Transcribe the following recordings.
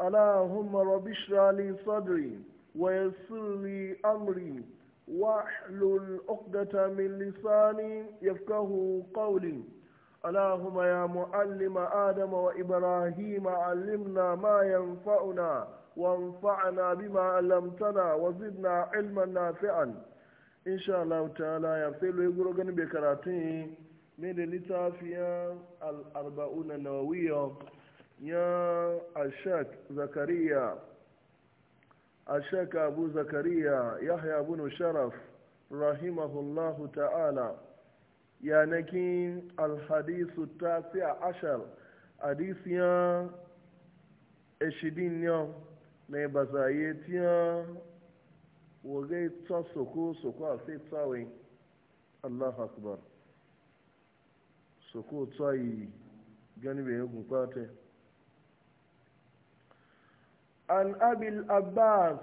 اللهم رب اشرح لي صدري ويسر لي امري واحلل عقدة من لساني يفقه قولي اللهم يا معلم ادم وابراهيم علمنا ما ينفعنا وانفعنا بما علمتنا وزدنا علما نافعا ان شاء الله تعالى يا فيلو يقولوا جنبي كراتين من لتافيا الاربعون النوويه ya ashak zakariya ashak abu zakariya yahya abu sharaf rahimahullahu ta'ala yanakin alhadisu tasi'a ashar hadisiya eshidin yau na bazaye tiya wagai ta soko soko a sai tsawai allah akbar soko tsayi gani bai عن أبي الأباس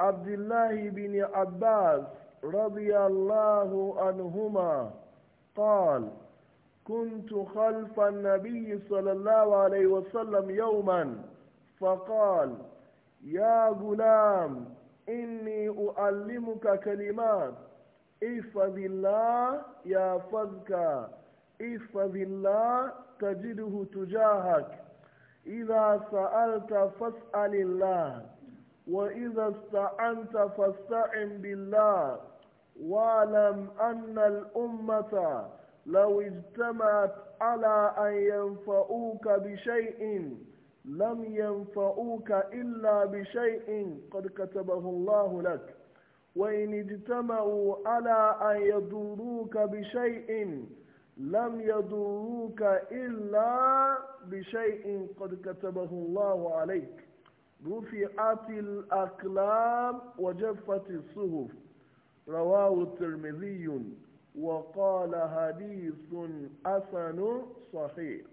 عبد الله بن عباس رضي الله عنهما قال كنت خلف النبي صلى الله عليه وسلم يوما فقال يا غلام إني أعلمك كلمات احفظ الله يحفظك احفظ الله تجده تجاهك إذا سألت فاسأل الله وإذا استعنت فاستعن بالله واعلم أن الأمة لو اجتمعت على أن ينفعوك بشيء لم ينفعوك إلا بشيء قد كتبه الله لك وإن اجتمعوا على أن يضروك بشيء لم يضروك إلا بشيء قد كتبه الله عليك رفعت الأقلام وجفت الصحف رواه الترمذي وقال حديث حسن صحيح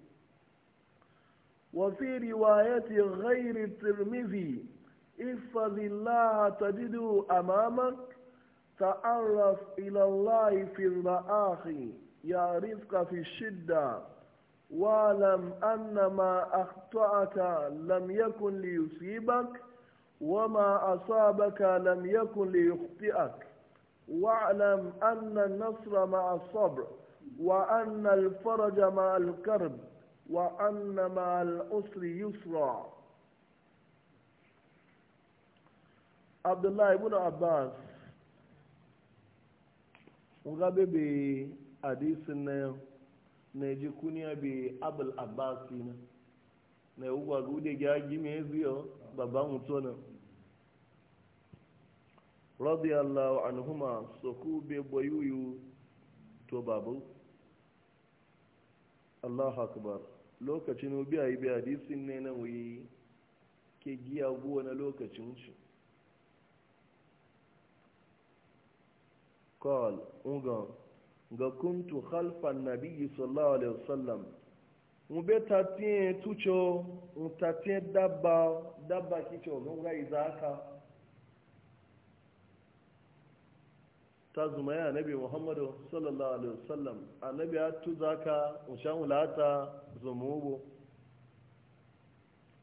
وفي رواية غير الترمذي احفظ الله تجده أمامك تعرف إلى الله في الرآخي يعرفك في الشدة واعلم أن ما أخطأك لم يكن ليصيبك وما أصابك لم يكن ليخطئك واعلم أن النصر مع الصبر وأن الفرج مع الكرب وأن مع الأسر يسرا عبد الله بن عباس وغبي hadisin na na ji kuniya bi abul abbasi na na yi ugwa gude ga gime ziyo babban mutu na radiyallahu anhuma ku be boyuyu to babu allah akbar lokacin obi a yi bi hadisin ne na wuyi ke giya guwa na lokacin shi قال انظر ga kuntu halfan nabi sallallahu alaihi wasallam mu be tatien tucho mu tatien dabba dabba kicho mun ga izaka ta zuma ya nabi muhammadu sallallahu alaihi wasallam annabi ya tu zaka mu sha mulata zumubo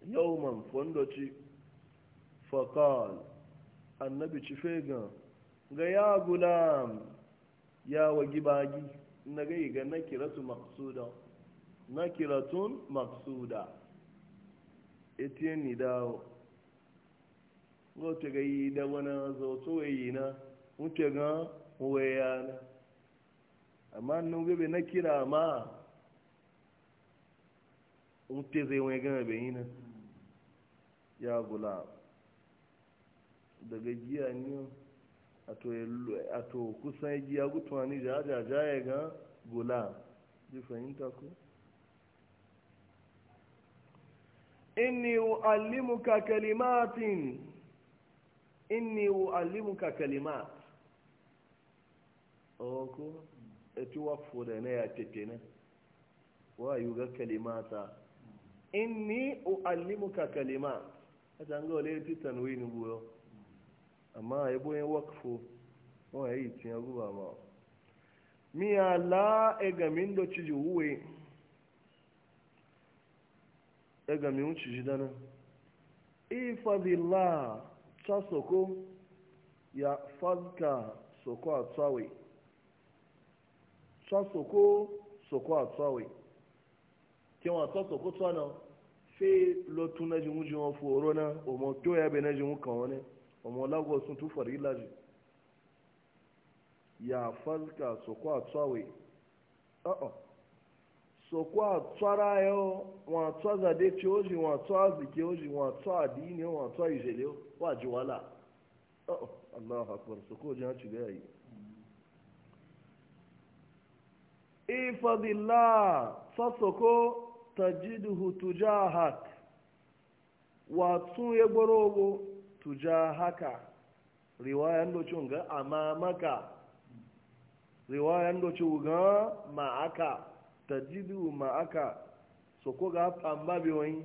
yawman fondoci faqal annabi ci fega ga ya gulam ya wagi bagi na gai ga na maksuda nakiratun maksuda etiyen ni dawo gote ga yi da wani zoto yi na wuce ga waya na amma nan gobe na kira ma wuce zai wani gana bayi na ya gula daga giya ne ato kusan ji ya gutuwa ni da ajaja ya ga gula ji fahimta ku inni uallimuka kalimatin inni uallimuka kalimat oko eti wafo da na ya tete na wa ga kalimata inni uallimuka kalimat ti tanwini buyo amma ya boyin wakfo wọn yi tiya guba ma miya ala egamin do ciji uwe egami ciji dana ifadila ta soko ya fadka soko a tsawe soko soko a tsawe kewa ta soko tsana fe lotu na jimu jimu foro na omo to ya be na jimu kan wani ọmọ lagos tún tún fọ̀rí ìlàjì yà fásitì sọ̀kọ́ àtúwàwẹ̀ ọ̀ọ̀ àtúwàrà ẹ̀ ọ́ wọn àtúwà zàdé tí ó jì wọn àtúwà zìkì ó jì wọn àtúwà àdìyí wọn àtúwà ìṣẹ̀lẹ̀ wà jù wàhálà ọ̀ọ̀ aláwọ̀ àpẹẹrẹ sọ̀kọ́ àti ìgbéyà yìí. ifadilá sọ́sọ̀kọ́ tajiduhu tujahak wa tún egboro owó. tujahaka riwayan docin ga amamaka riwayan docin ga ma'aka tajidu ma'aka so ko ga pamba bi wani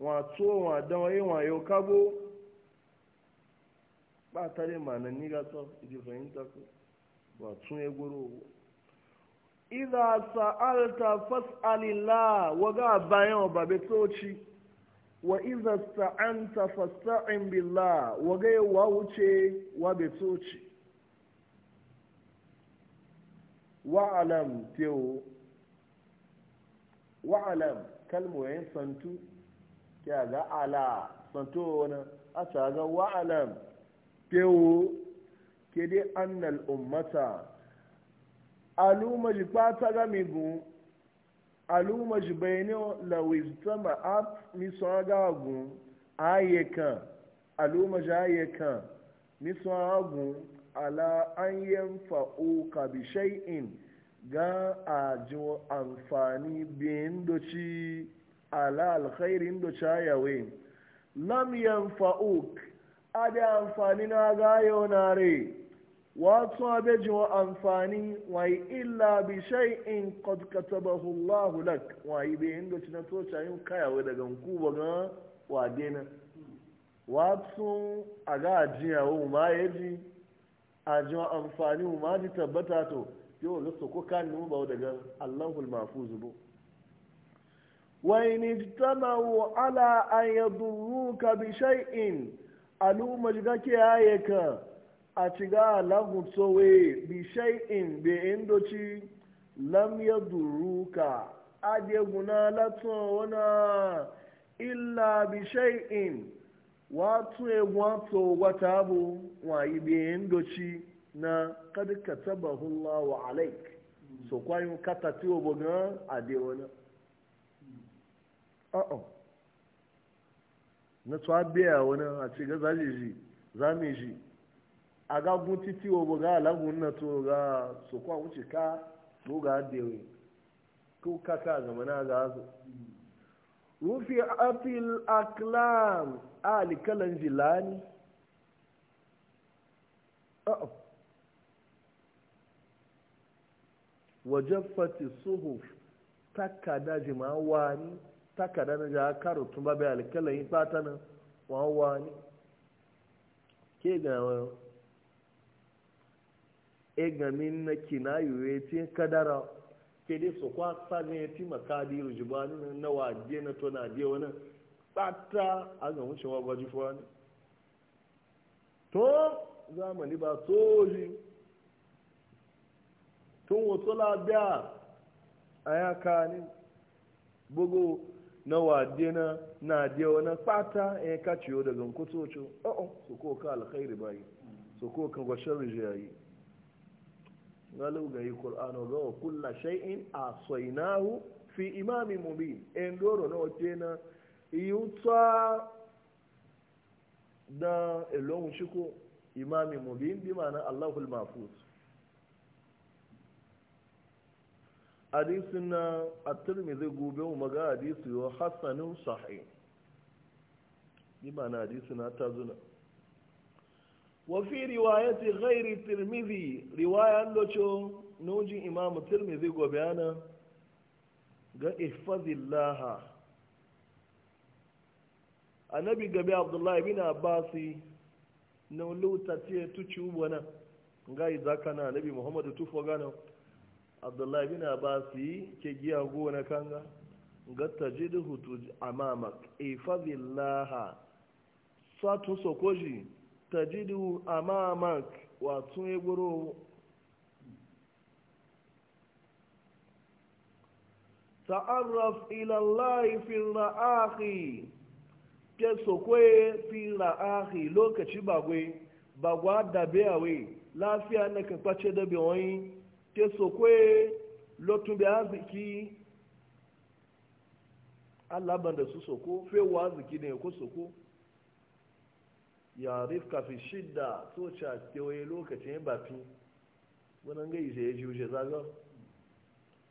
wato wa dawa yi wa yau kabo ba tare ma nan ni ga so idi fahimta ko wato ya goro idza sa'alta fas'alillah waga bayan obabe toci wa iza sta'anta fasta'in billah wa ga wa wuce wa betoci wa alam tewo wa alam kalmoyin santu ya ga ala santo wani a ga wa alam tewo ke dai annal ummata alu jikpa ta gamigun aluma jibaini la wizitama ap misoagagun ayekan aluma jayekan gu ala an yanfa uka bi shay'in ga ajo amfani bin doci ala alkhairin doci ayawe lam yanfa'uk ada amfani na gayo na re wasu abejin wa amfani wayi illa bi in qad katabahu Allah lak wayi be inda ci na tocha yin kayawa daga ku ba ga wade na wasu a ga ajiya wa ma yaji aji wa amfani wa ma ji tabbata to yau ga su ko kan mu ba daga Allahul mahfuz bu وإن اجتمعوا على أن يضروك بشيء ألوم جدك آيك a ciga lagutsowe bishai'in be indoci lam ya duruka adeguna latun wana illa bishai'in watu egwon to wata bu wayi be indoci na kad katabahu Allah alaik so kwayun kata ti obo gan ade wana uh -oh. na tsabiya a ciga zaji ji aga guti titi obo ga alagun na to ga so kwa wuce ka go ga dewe ko kaka zamana ga zo rufi atil aklam ali kalan jilani wajaffati suhuf takada jima wani takada na ja karo tun ba bai alkalan yi fata na wani ke ga wani egamin na kinayu ya ce kadara ke dai su kwasa ne ya ti makadi rujibani na waje na tona je wani tsata a ga wuce wa gwaji fuwa ne to zamani ba soji tun wasu labiya a yaka ne bugu na waje na na je wani tsata ya e kaciyo daga kusurcin o'o su ko ka alkhairi bayi su ko ka gwashin rijiyayi ngalu ga yi qur'ano ga kulla shay'in asainahu fi imamin mubin en doro na wace da elon shiko imamin mubin bi ma'ana allahul mafus hadisin na at-tirmidhi gobe mu maga hadisi yo hasanun sahih bi ma'ana hadisi na tazuna Wa fi وفي رواية riwaya الترمذي رواية imam نوجي إمام الترمذي وبيانا احفظ الله annabi gabe abdullahi bin abbasi na luta ce tuci ubona ngai zaka na annabi muhammadu tu gano abdullahi bin Abbas ke giya gona kanga ga tajidu hutu amamak ifadhillaha satu sokoji tajidu amamak wato ya guro ta'arraf ila Allah fi ra'ahi ke sokwe fi ra'ahi lokaci bagwe bagwa da beawe lafiya na kan kwace da bewon ke sokwe lotun be aziki alaban da su soko fewa aziki ne ko soko ya rifka fi shidda so cha kewaye lokacin bafi wannan gai sai ya jiwuje zaga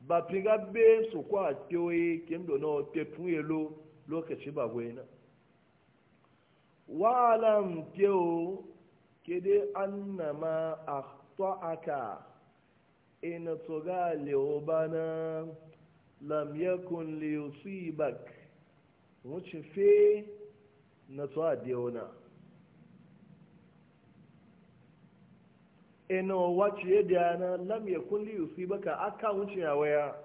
bafi ga be su kwa kewaye kendo na tefun elo lokaci ba gwena wa alam keo kede annama akhta'aka in toga leobana lam yakun liyusibak wuce fe na tsawa na. ina wace ya dana lam ya kulli baka aka wuce ya waya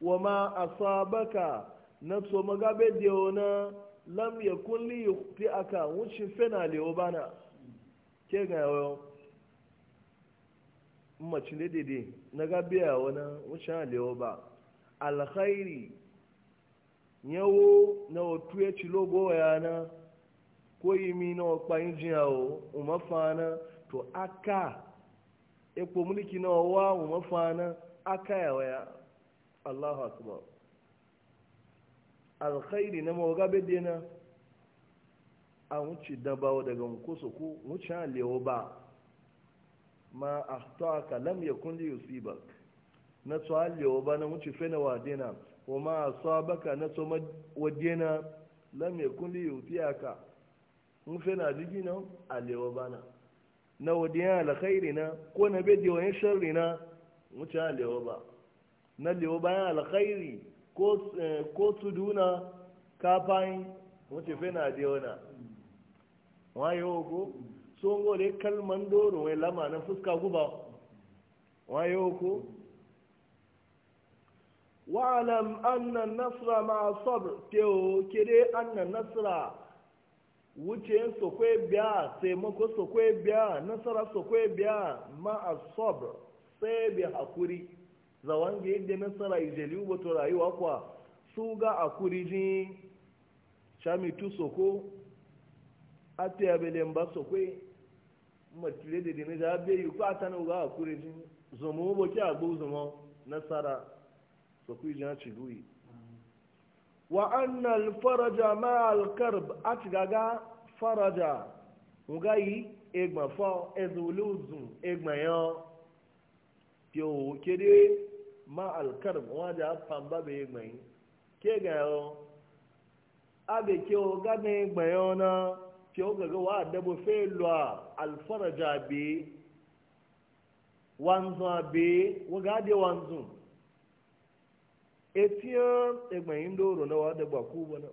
wa ma asabaka na so magabe da yana lam ya kulli yukti aka wuce fena lewa bana ke ga yawo mace ne daidai na gabe ya wani wuce lewa ba alkhairi yawo na otu ya ci logo na kwa yi mi na ọkpa injin yawo na. to aka ekpo mulki na wa wa mafana aka ya waya Allahu akbar alkhairi na mawaga bedena a wuce dabawa daga kusa ku wuce lewo ba ma a ta'aka lam ya kundi yusibak na to lewa ba na wuce fena wadena wa ma a baka na wa wadena lam ya kundi yusibaka mun fena jigi na a lewa ba na na wadiya alkhairi na ko na bedi wani sharri na wuce alewa ba na lewa bayan alkhairi ko su eh, duna kafin wuce fena dewana waye ko so ngole kalman doro wai lama na fuska guba waye ko wa'alam anna nasra ma'a sabr teo kire anna nasra wuce sokwe biya taimako sokwe biya nasara sokwe biya ma'a sabr sai bi hakuri zawange yadda nasara ijeli uboto rayuwa kwa su ga akuri ji shamitu soko a abelen ba sokwe matile da dina da abe yi kwa ta ga akuri ji zomo ubo ki agbo zomo nasara sokwe ji na ciluyi wa annal faraja ma karb atigaga faraja ugayi egba fo ezuluzun egba yo ti o kede ma karb wa ja pamba be egba yin ke ga yo abe ke o ga ne egba yo na ke o ga wa dabo fe lo al faraja bi wanzo bi wa ga de wanzo etiyan egbayin doro na wa da baku bana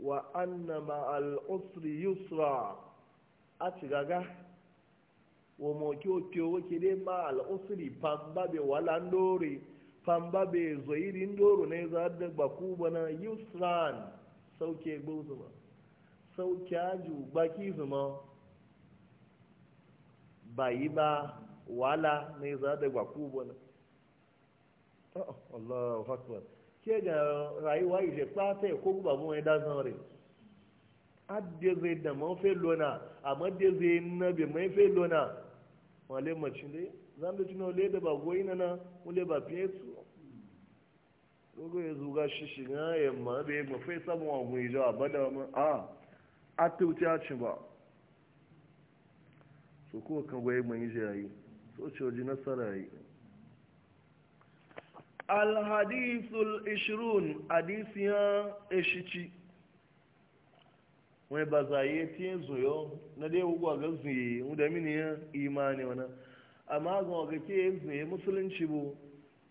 wa anna ma al usri yusra a ci gaga wa mo ki o ki be ki de ma al usri pamba be wala ndore pamba be zoiri ndoro ne za da baku bana yusran sauke gbozu ba sauke aju baki zuma bayi ba wala ne za da baku bana Oh, Allahu akbar ke ga rayuwa ije kpata ya kogu babu wani dazan rai adde zai da mafi lona amma de zai na bai mafi lona wale mace ne zan da tunan wale da ba goyi na na ba fiye su gogo ya zuga shi na ya ma bai mafi samun wagun ijo a bada ma a a tauti a ci ba so kowa kan goyi mai ijo yayi so ce waje nasara yayi alhadisul ishirun hadisiyan eshici wani ba zaye tiye zoyo na dai hukwa ga zuye da ya imani wani amma ga waga ke zuye musulunci bu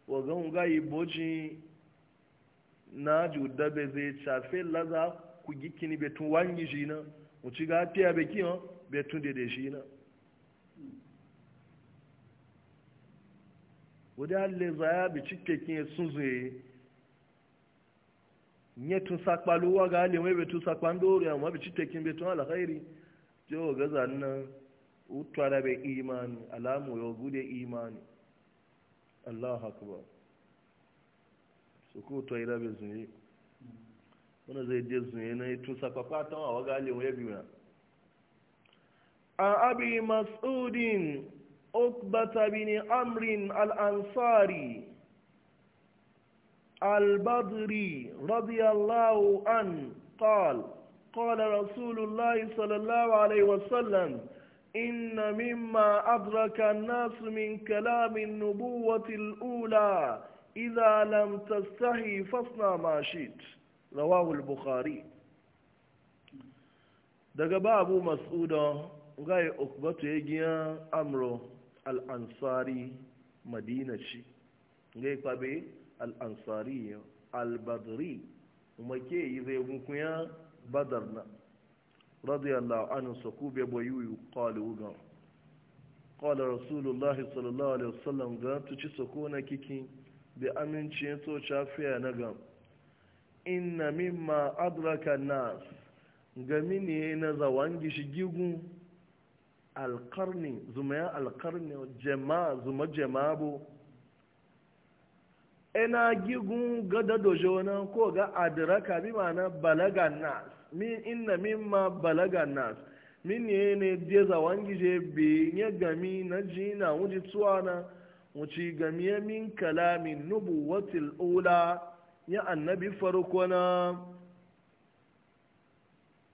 waga yi iboji na juda be zai cafe laza ku gikini betun wangi shi na mu ci ga tiya be kiyan betun dede shi na wadda halle zaya bi cikakken sun zuye nye tun sakpaluwa ga halle mai betun sakpandori amma bi cikakken betun alkhairi jiwo ga zannan utara bai imani alamu ya gude imani Allahu akbar su ko to ira bai zuye wani zai je zuye na tun sakpakwa ta wa ga halle mai biyu na A abi mas'udin ukbata bin amrin al’ansari al-badri radiyallahu an qal qala rasulullah sallallahu alaihi wasallam inna mimma adraka an-nas min kalamin an-nubuwati al-ula idha lam tastahi fasna ma shit rawahu al-bukhari daga babu mas'uda ngai ya yagiya amro al'ansari madina shi ngai kwabe al'ansari al-badri kuma ke yi zai hukunya badar na radiyallahu anu su ku bai bayu qalu ga qala rasulullah sallallahu alaihi wasallam ga tuci na kiki bi aminci to chafiya na ga inna mimma adraka nas Gami ne na zawangi shi gigun Alƙarni zuma ya jama zuma jama bu ina gigun gada dojo na ko ga adiraka bi ma'ana balaga nas min inna ma balaga nas min ne ne je za wangi je bi ne gami na jina wuji tsuwana wuci gami ya min kalamin nubuwatil ula ya annabi farko na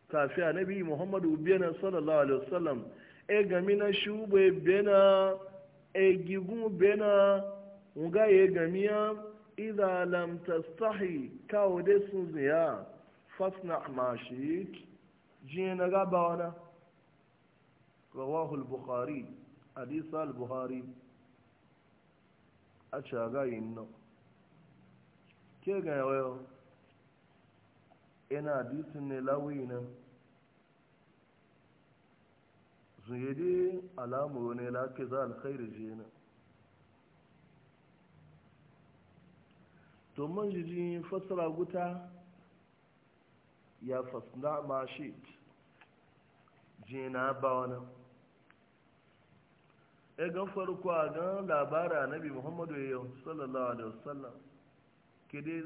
kafi nabi muhammadu biyana sallallahu alaihi wasallam e gami na shube bena egigu bena nga ye gamiya idha lam tastahi ka ode sun ziya fasna mashik shik jiye na gaba wana rawahul bukhari hadisa al-bukhari a caga yin nan ke ga yawayo ina hadisin ne lawi nan zuhidi alamu ne lake za alkhairu je na to man jiji fasara guta ya fasna ma shi jina na ba wani egan farko a gan labara nabi muhammadu ya sallallahu alaihi wasallam kede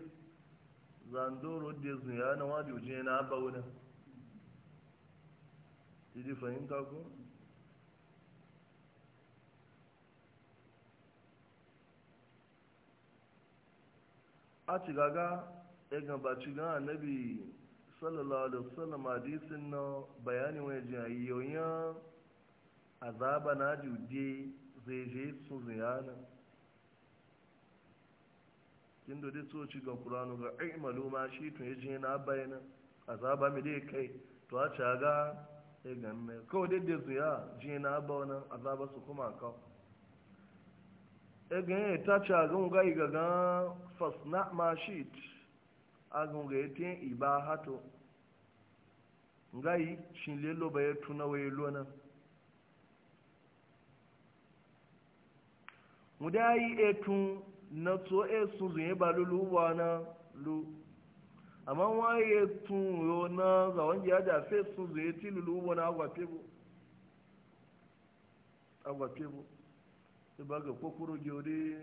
zandoro da zuya na wadi jina ba wani Did fahimta find a ci gaga egan ba ci gan annabi sallallahu alaihi wasallam hadisin na bayani wani jin azaba na jude zai je su ziyana kin da dai tsoci ga kuranu ga aimalu ma shi tun ya je na bayana azaba mi dai kai to a ci ga egan ne kawai dai da ziya je na ba na azaba su kuma kawo egan ya tace agun gai gaga fasna mashit agun ga yake iba hato ngai shin lelo ba ya tuna waye lona mudayi etun na to e sun zunye ba lulu wa na lu amma waye tun yo na zawon ya da fe sun zunye ti lulu wa na agwa pebo agwa pebo sai ba ga kokoro gyore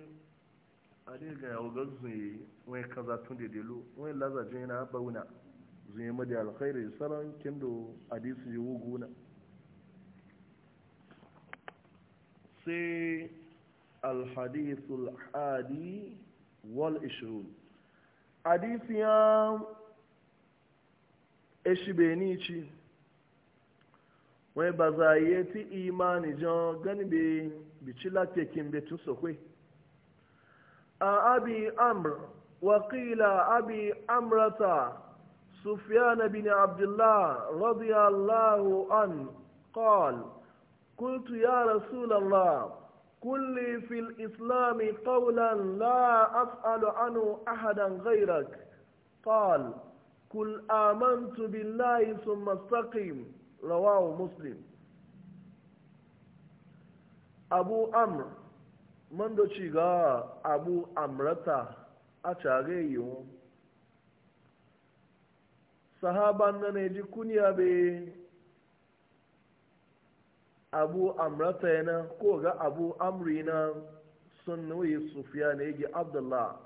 a dai ga yawo ga zuye wani kaza tun da delo wani lazajin yana bauna zuye madi alkhairi saran kendo hadisi yi wuguna sai alhadisul hadi wal ishirun hadisi ya eshibeni ci wani ba za a yi ti imani jan ganibe bici تكيم betun أبي أمر وقيل أبي أمرة سفيان بن عبد الله رضي الله عنه قال قلت يا رسول الله قل لي في الإسلام قولا لا أسأل عنه أحدا غيرك قال قل آمنت بالله ثم استقم رواه مسلم abu amr man ga abu amrata a cage yiwu sahaban na ne ji kunya be abu amrata yana ko ga abu amri na sun sufiya na yake abdullah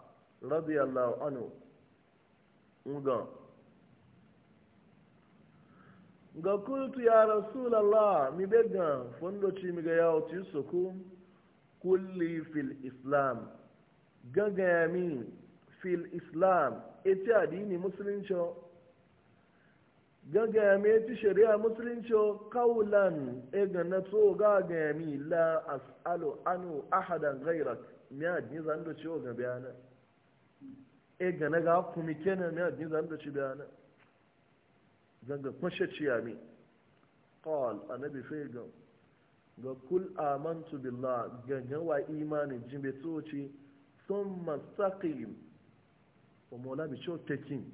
radiyallahu anhu ngan ga kultu ya rasulallah mi be ga fondoci mi ga yawo ti soku kulli fil islam gaga ya mi fil islam eti adini musulunci gaga ya mi eti shari'a musulunci kaulan e ga na to gaga ya mi la as'alu anu ahadan gairak mi adini zan do ciwo ga bayana e na ga kuma kenan mi adini zan do ci bayana zanga kwashe ciyami ƙawal a sai ga ga kul amantu billah ganga wa imanin jimbe tsoci sun saqim wa mola bi cho tekin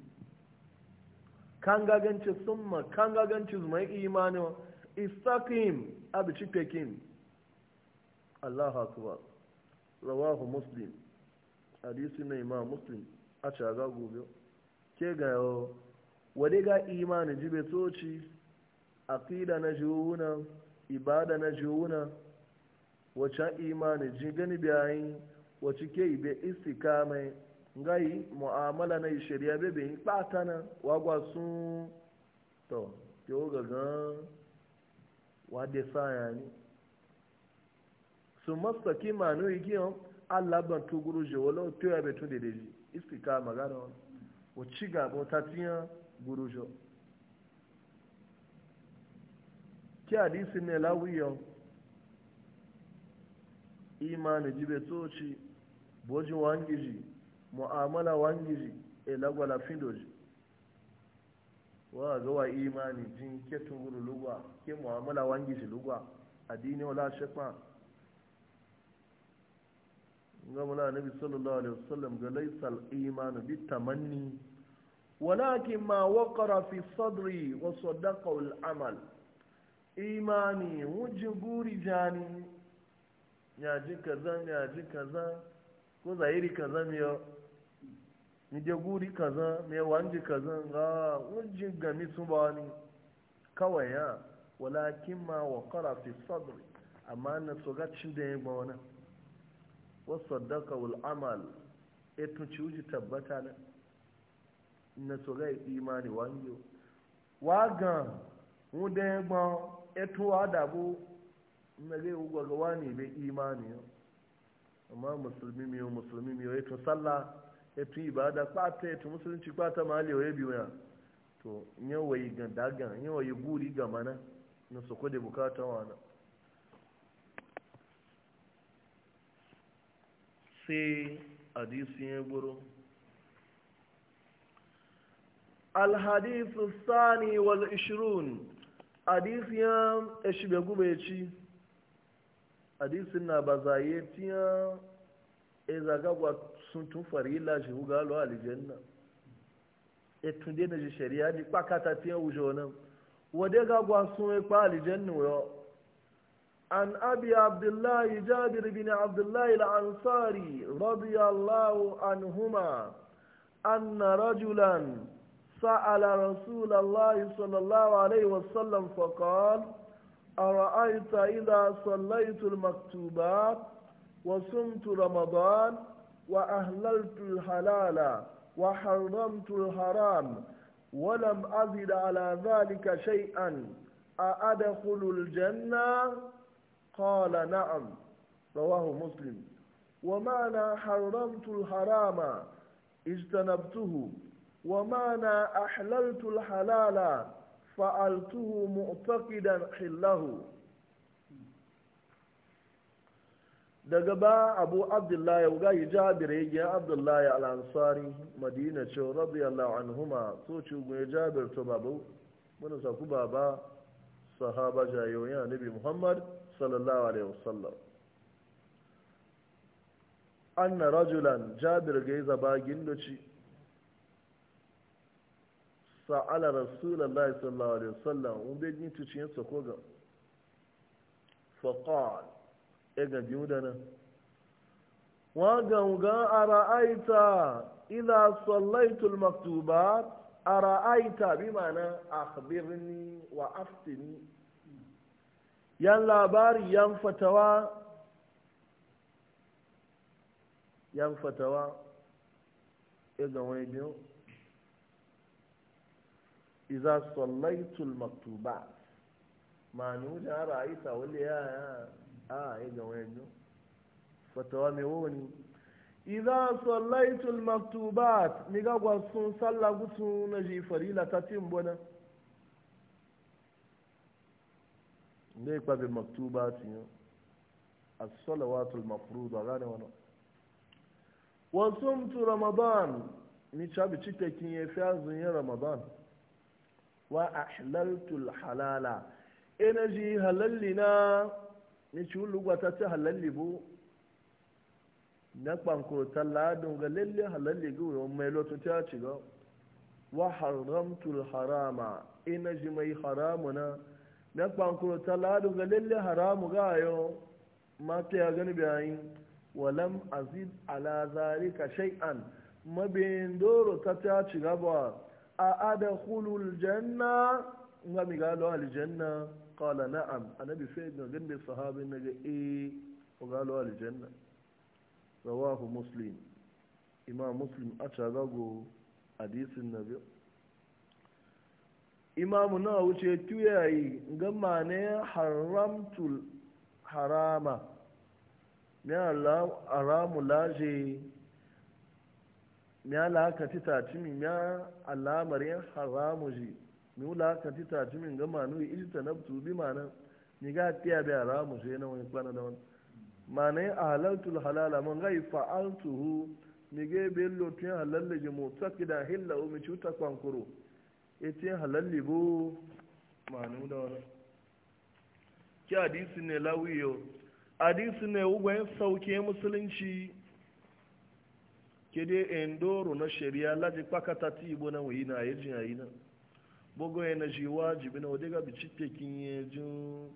kan gaganci thumma kan gaganci zuma imanin istaqim bi ci tekin Allahu akbar rawahu muslim hadisi na imam muslim a caga gobe ke ga yawo wadai ga imanin jibe toci aqida na jiwuna ibada na jiwuna wacan imanin ji gani bayan wacce ke ibe istikamai ngai mu'amala na shari'a bebe yi patana wagwa sun to ke o gagan wade saya ni su masu ki manu igiyan alaban tuguru je wala to ya betu dedeji istikama gano wacce gabo ta tiyan jo ki hadisi ne lawiyo imani jibe tsoci boji wangiji mu'amala wangiji e lagwala findoji wa ga wa imani jin ke tunguru lugwa ke mu'amala wangiji lugwa addini wala shekwa ga nabi sallallahu alaihi wasallam ga laisal imanu bitamanni walakin ma wakara fi sadri wa saddaqa al amal imani wujin guri jani ya ji kaza ya ji kaza ko zahiri kaza mi yo mi je guri kaza mi wanji kaza bani kawai ya walakin ma wakara fi sadri amma na tsogacin da ya gba wasu saddaqa al amal etun ci wuji tabbata na na tsogai imani wanyo wagan wuda ya gban etuwa da bu na zai ugwa ga wani imani yau amma musulmi miyo musulmi mi ya to sallah ya tu ibada kwata ya tu musulunci kwata mali ya biyu ya to yawayi ga dagan yawayi guri ga mana na soko kudi bukata wana sai hadisi ya gburu. الحديث الثاني والعشرون حديث يا اشبغو بيشي حديث النبزايت يا إذا قوا سنتو فريلا جهو قالوا الجنة etunde na ji shari'a ji kpakata tiya wujo nan wade ga gwa sun yi kwa alijannu yo an abi abdullahi jabir bin abdullahi al-ansari radiyallahu anhuma anna rajulan سأل رسول الله صلى الله عليه وسلم فقال أرأيت إذا صليت المكتوبات وصمت رمضان وأهللت الحلال وحرمت الحرام ولم أزد على ذلك شيئا أأدخل الجنة قال نعم رواه مسلم ومعنى حرمت الحرام اجتنبته ومعنى أحللت الحلال فعلته معتقدا حله daga ba abu abdullahi wuga yi jabir ya gina abdullahi al'ansari madina ce radiyallahu anhuma so ci gune jabir to babu wani saku baba sahaba jayoyin annabi muhammad sallallahu alaihi wasallam anna rajulan jabir ga yi zaba gindoci sa'ala rasulallah sallallahu alaihi wasallam un be jin tuciyin sa koga faqal e ga biyu da nan wa ga ga ara'aita idha sallaitu al-maktubat ara'aita bi ma'ana akhbirni wa aftini yan labari yan fatawa yan fatawa e ga wani biyu iza sallaitul maktuba ma ni wuce har a isa wale ya a yi ga wayan yau fatawa mai wani iza sallaitul maktubat ni gagwa sun sallah gusu na ji farila ta tin bona ne ya kwabe maktubat yau as-salawatul mafruda gane wani wa sumtu ramadan ni chabi cike kin ya fi azun ramadan wa ahlaltul halala ina ji halalli na ni ci lugwata ta halalli bu na kwankurta ladun ga lalle halalli ga wuyan mai lotu ta ci ga wa haramtul harama ina ji mai haramu na na kwankurta ladun ga lalle haramu ga yau ta ya gani bayan walam azid ala zalika shay'an mabin doro ta ta ci gaba a adakhulul janna nga mi galo aljanna qala na'am annabi sai ga gande sahabin naga eh ko galo aljanna rawahu muslim imam muslim a tagago hadisin nabi imamu na wuce tuyayi gama ne haramtul harama ne Allah haramu laje miya lakanti tacimi miya alamar yin haramu ji miya lakanti tacimin ga manu ijita na bi mana ni ga tiya bi haramu ji na wani kwana da wani mana yin ahalartul halala man gai hu ni ga bi lotun halalle ji mu tsaki da hilla umi cuta kwankuro e ita halalli bu manu da wani ki hadisi ne lawiyo hadisi ne ugwayen sauke musulunci kede endoro na sheria laji pakata ti igbo na wee na ayejin ayi na bogo ya na ji wajibi na odega bi cite kinye jin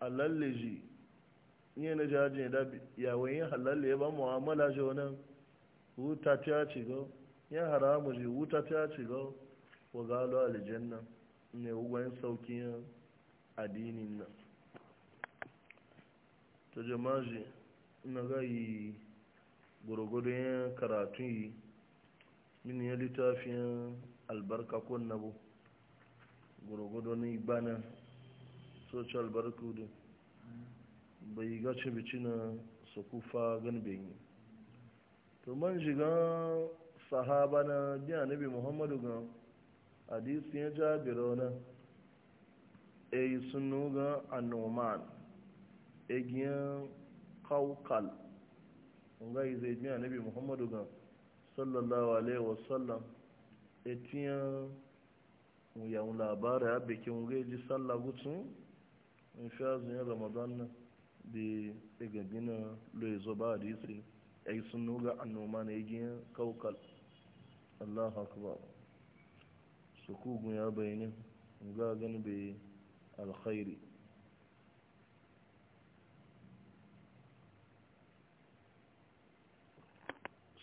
alalleji nye na jajin da ya wee halalle ba mu'amala jo na wuta ta ci go ya haramu ji wuta ta ci go wa galo aljanna ne ugwan saukin adini na to na ga yi gwargwado ya karatun yi min ya littafin albarka ko nabo gwargwado na ibana social barkudu bai gace bici na sakufa ganibin yi to man shiga sahaba na biya nabi muhammadu ga hadisi ya biro na e yi sunu ga annoman egiyan kawkal ngai zai na bi muhammadu ga sallallahu alaihi wasallam etiyan yawon labarai abikin ngai ji sallah gutsun in sha zuyin ramadan nan da daga e gina loizo e ba hadisi ya yi sun nuga annoma na yi kaukal allah akbar su kugun ya bayani ga gani bai alkhairi